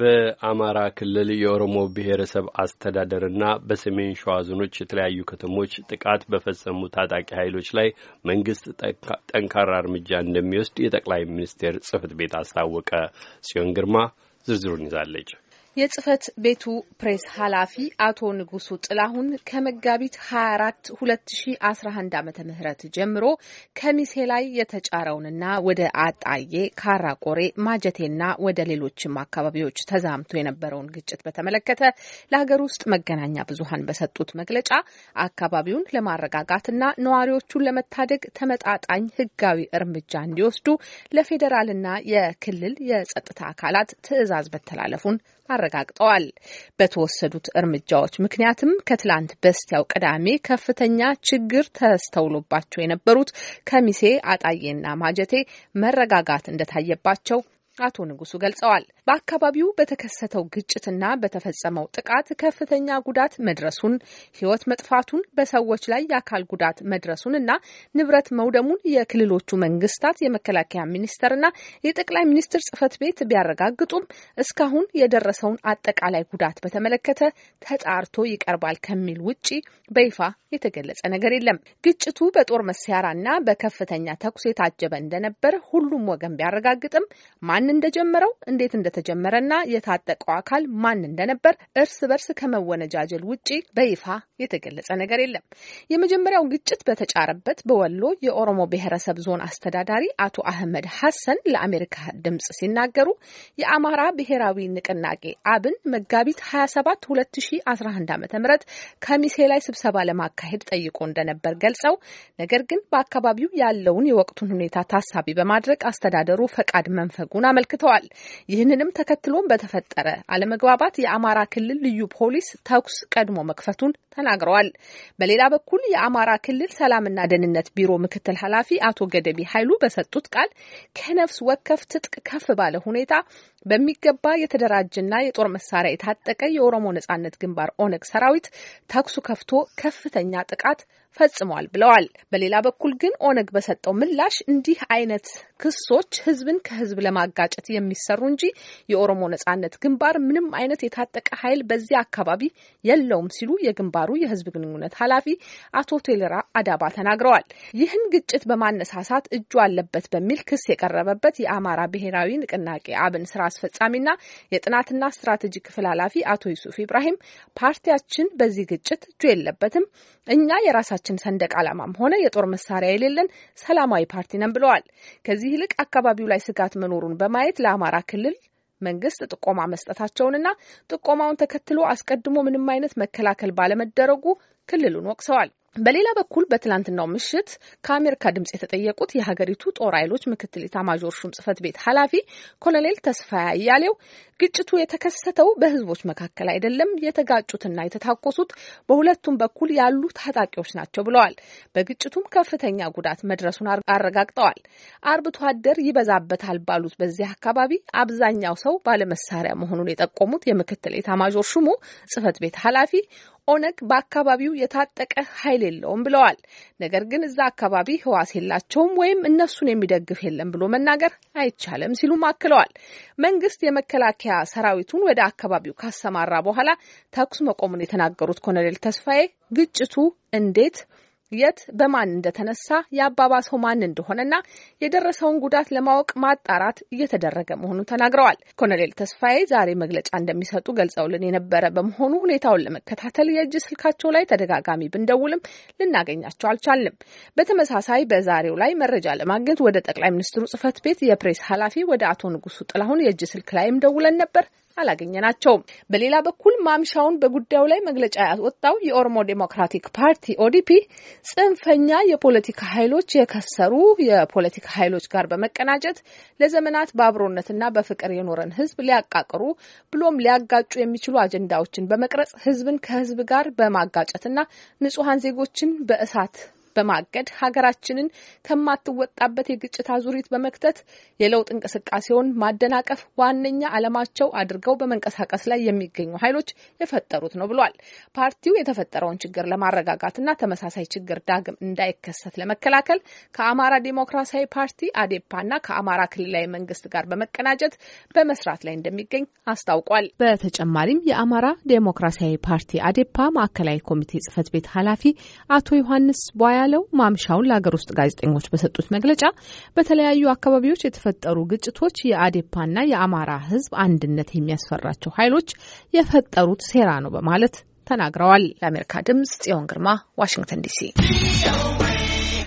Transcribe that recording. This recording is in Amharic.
በአማራ ክልል የኦሮሞ ብሔረሰብ አስተዳደርና በሰሜን ሸዋ ዞኖች የተለያዩ ከተሞች ጥቃት በፈጸሙ ታጣቂ ኃይሎች ላይ መንግስት ጠንካራ እርምጃ እንደሚወስድ የጠቅላይ ሚኒስቴር ጽህፈት ቤት አስታወቀ። ሲዮን ግርማ ዝርዝሩን ይዛለች። የጽህፈት ቤቱ ፕሬስ ኃላፊ አቶ ንጉሱ ጥላሁን ከመጋቢት 24 2011 ዓ ም ጀምሮ ከሚሴ ላይ የተጫረውንና ወደ አጣዬ ካራቆሬ፣ ማጀቴና ወደ ሌሎችም አካባቢዎች ተዛምቶ የነበረውን ግጭት በተመለከተ ለሀገር ውስጥ መገናኛ ብዙሀን በሰጡት መግለጫ አካባቢውን ለማረጋጋትና ነዋሪዎቹን ለመታደግ ተመጣጣኝ ህጋዊ እርምጃ እንዲወስዱ ለፌዴራልና የክልል የጸጥታ አካላት ትዕዛዝ መተላለፉን አረጋግጠዋል። በተወሰዱት እርምጃዎች ምክንያትም ከትላንት በስቲያው ቅዳሜ ከፍተኛ ችግር ተስተውሎባቸው የነበሩት ከሚሴ አጣዬና ማጀቴ መረጋጋት እንደታየባቸው አቶ ንጉሱ ገልጸዋል። በአካባቢው በተከሰተው ግጭትና በተፈጸመው ጥቃት ከፍተኛ ጉዳት መድረሱን፣ ሕይወት መጥፋቱን፣ በሰዎች ላይ የአካል ጉዳት መድረሱን እና ንብረት መውደሙን የክልሎቹ መንግስታት የመከላከያ ሚኒስቴርና የጠቅላይ ሚኒስትር ጽህፈት ቤት ቢያረጋግጡም እስካሁን የደረሰውን አጠቃላይ ጉዳት በተመለከተ ተጣርቶ ይቀርባል ከሚል ውጪ በይፋ የተገለጸ ነገር የለም። ግጭቱ በጦር መሳሪያና በከፍተኛ ተኩስ የታጀበ እንደነበር ሁሉም ወገን ቢያረጋግጥም ማን ማን እንደጀመረው እንዴት እንደተጀመረና የታጠቀው አካል ማን እንደነበር እርስ በርስ ከመወነጃጀል ውጪ በይፋ የተገለጸ ነገር የለም። የመጀመሪያው ግጭት በተጫረበት በወሎ የኦሮሞ ብሔረሰብ ዞን አስተዳዳሪ አቶ አህመድ ሐሰን ለአሜሪካ ድምጽ ሲናገሩ የአማራ ብሔራዊ ንቅናቄ አብን መጋቢት 27 2011 ም ከሚሴ ላይ ስብሰባ ለማካሄድ ጠይቆ እንደነበር ገልጸው ነገር ግን በአካባቢው ያለውን የወቅቱን ሁኔታ ታሳቢ በማድረግ አስተዳደሩ ፈቃድ መንፈጉን አመ አመልክተዋል። ይህንንም ተከትሎም በተፈጠረ አለመግባባት የአማራ ክልል ልዩ ፖሊስ ተኩስ ቀድሞ መክፈቱን ተናግረዋል። በሌላ በኩል የአማራ ክልል ሰላምና ደህንነት ቢሮ ምክትል ኃላፊ አቶ ገደቢ ኃይሉ በሰጡት ቃል ከነፍስ ወከፍ ትጥቅ ከፍ ባለ ሁኔታ በሚገባ የተደራጀና የጦር መሳሪያ የታጠቀ የኦሮሞ ነጻነት ግንባር ኦነግ ሰራዊት ተኩሱ ከፍቶ ከፍተኛ ጥቃት ፈጽሟል ብለዋል። በሌላ በኩል ግን ኦነግ በሰጠው ምላሽ እንዲህ አይነት ክሶች ህዝብን ከህዝብ ለማጋ ለማጋጨት የሚሰሩ እንጂ የኦሮሞ ነጻነት ግንባር ምንም አይነት የታጠቀ ኃይል በዚያ አካባቢ የለውም ሲሉ የግንባሩ የህዝብ ግንኙነት ኃላፊ አቶ ቴሌራ አዳባ ተናግረዋል። ይህን ግጭት በማነሳሳት እጁ አለበት በሚል ክስ የቀረበበት የአማራ ብሔራዊ ንቅናቄ አብን ስራ አስፈጻሚና የጥናትና ስትራቴጂ ክፍል ኃላፊ አቶ ዩሱፍ ኢብራሂም ፓርቲያችን በዚህ ግጭት እጁ የለበትም፣ እኛ የራሳችን ሰንደቅ ዓላማም ሆነ የጦር መሳሪያ የሌለን ሰላማዊ ፓርቲ ነን ብለዋል። ከዚህ ይልቅ አካባቢው ላይ ስጋት መኖሩን በማየት ለአማራ ክልል መንግስት ጥቆማ መስጠታቸውንና ጥቆማውን ተከትሎ አስቀድሞ ምንም አይነት መከላከል ባለመደረጉ ክልሉን ወቅሰዋል። በሌላ በኩል በትላንትናው ምሽት ከአሜሪካ ድምጽ የተጠየቁት የሀገሪቱ ጦር ኃይሎች ምክትል ኢታማዦር ሹም ጽህፈት ቤት ኃላፊ ኮሎኔል ተስፋዬ አያሌው ግጭቱ የተከሰተው በህዝቦች መካከል አይደለም፣ የተጋጩትና የተታኮሱት በሁለቱም በኩል ያሉ ታጣቂዎች ናቸው ብለዋል። በግጭቱም ከፍተኛ ጉዳት መድረሱን አረጋግጠዋል። አርብቶ አደር ይበዛበታል ባሉት በዚህ አካባቢ አብዛኛው ሰው ባለመሳሪያ መሆኑን የጠቆሙት የምክትል ኢታማዦር ሹሙ ጽህፈት ቤት ኃላፊ ኦነግ በአካባቢው የታጠቀ ኃይል የለውም ብለዋል። ነገር ግን እዛ አካባቢ ህዋስ የላቸውም ወይም እነሱን የሚደግፍ የለም ብሎ መናገር አይቻልም ሲሉም አክለዋል። መንግስት የመከላከያ ሰራዊቱን ወደ አካባቢው ካሰማራ በኋላ ተኩስ መቆሙን የተናገሩት ኮሎኔል ተስፋዬ ግጭቱ እንዴት የት በማን እንደተነሳ የአባባሰው ማን እንደሆነና የደረሰውን ጉዳት ለማወቅ ማጣራት እየተደረገ መሆኑን ተናግረዋል። ኮሎኔል ተስፋዬ ዛሬ መግለጫ እንደሚሰጡ ገልጸውልን የነበረ በመሆኑ ሁኔታውን ለመከታተል የእጅ ስልካቸው ላይ ተደጋጋሚ ብንደውልም ልናገኛቸው አልቻልንም። በተመሳሳይ በዛሬው ላይ መረጃ ለማግኘት ወደ ጠቅላይ ሚኒስትሩ ጽህፈት ቤት የፕሬስ ኃላፊ ወደ አቶ ንጉሱ ጥላሁን የእጅ ስልክ ላይም ደውለን ነበር አላገኘናቸውም። በሌላ በኩል ማምሻውን በጉዳዩ ላይ መግለጫ ያወጣው የኦሮሞ ዴሞክራቲክ ፓርቲ ኦዲፒ ጽንፈኛ የፖለቲካ ኃይሎች የከሰሩ የፖለቲካ ኃይሎች ጋር በመቀናጀት ለዘመናት በአብሮነትና በፍቅር የኖረን ሕዝብ ሊያቃቅሩ ብሎም ሊያጋጩ የሚችሉ አጀንዳዎችን በመቅረጽ ሕዝብን ከሕዝብ ጋር በማጋጨትና ንጹሐን ዜጎችን በእሳት በማገድ ሀገራችንን ከማትወጣበት የግጭት አዙሪት በመክተት የለውጥ እንቅስቃሴውን ማደናቀፍ ዋነኛ ዓላማቸው አድርገው በመንቀሳቀስ ላይ የሚገኙ ኃይሎች የፈጠሩት ነው ብሏል። ፓርቲው የተፈጠረውን ችግር ለማረጋጋትና ተመሳሳይ ችግር ዳግም እንዳይከሰት ለመከላከል ከአማራ ዲሞክራሲያዊ ፓርቲ አዴፓና ከአማራ ክልላዊ መንግስት ጋር በመቀናጀት በመስራት ላይ እንደሚገኝ አስታውቋል። በተጨማሪም የአማራ ዲሞክራሲያዊ ፓርቲ አዴፓ ማዕከላዊ ኮሚቴ ጽህፈት ቤት ኃላፊ አቶ ዮሐንስ ቧያል እንዳለው ማምሻውን ለሀገር ውስጥ ጋዜጠኞች በሰጡት መግለጫ በተለያዩ አካባቢዎች የተፈጠሩ ግጭቶች የአዴፓና የአማራ ሕዝብ አንድነት የሚያስፈራቸው ኃይሎች የፈጠሩት ሴራ ነው በማለት ተናግረዋል። ለአሜሪካ ድምጽ ጽዮን ግርማ ዋሽንግተን ዲሲ